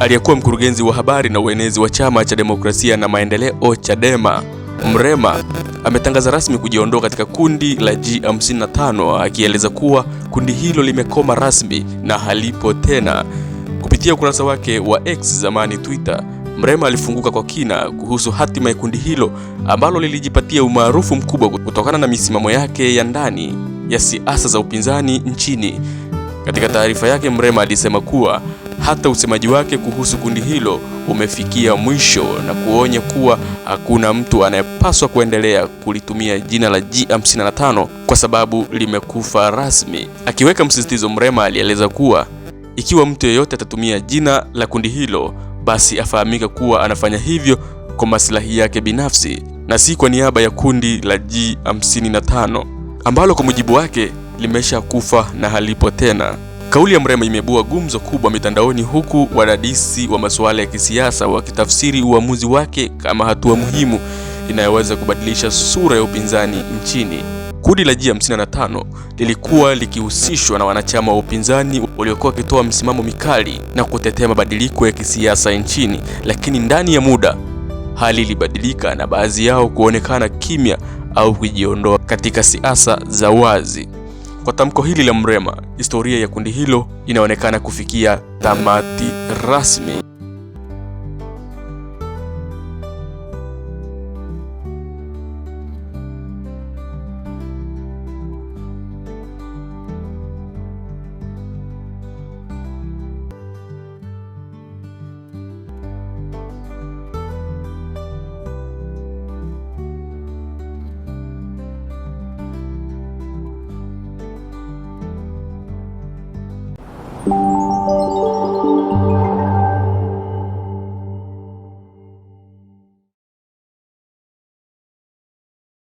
aliyekuwa mkurugenzi wa habari na uenezi wa Chama cha Demokrasia na Maendeleo Chadema Mrema ametangaza rasmi kujiondoa katika kundi la G55 akieleza kuwa kundi hilo limekoma rasmi na halipo tena. Kupitia ukurasa wake wa X zamani Twitter, Mrema alifunguka kwa kina kuhusu hatima ya kundi hilo ambalo lilijipatia umaarufu mkubwa kutokana na misimamo yake ya ndani ya siasa za upinzani nchini. Katika taarifa yake, Mrema alisema kuwa hata usemaji wake kuhusu kundi hilo umefikia mwisho na kuonya kuwa hakuna mtu anayepaswa kuendelea kulitumia jina la G55 kwa sababu limekufa rasmi. Akiweka msisitizo, Mrema alieleza kuwa ikiwa mtu yeyote atatumia jina la kundi hilo, basi afahamika kuwa anafanya hivyo kwa maslahi yake binafsi na si kwa niaba ya kundi la G55 ambalo kwa mujibu wake limeshakufa na halipo tena. Kauli ya Mrema imebua gumzo kubwa mitandaoni huku wadadisi wa masuala ya kisiasa wakitafsiri uamuzi wake kama hatua muhimu inayoweza kubadilisha sura ya upinzani nchini. Kundi la G55 lilikuwa likihusishwa na wanachama wa upinzani waliokuwa wakitoa msimamo mikali na kutetea mabadiliko ya kisiasa nchini, lakini ndani ya muda hali ilibadilika na baadhi yao kuonekana kimya au kujiondoa katika siasa za wazi. Kwa tamko hili la Mrema, historia ya kundi hilo inaonekana kufikia tamati rasmi.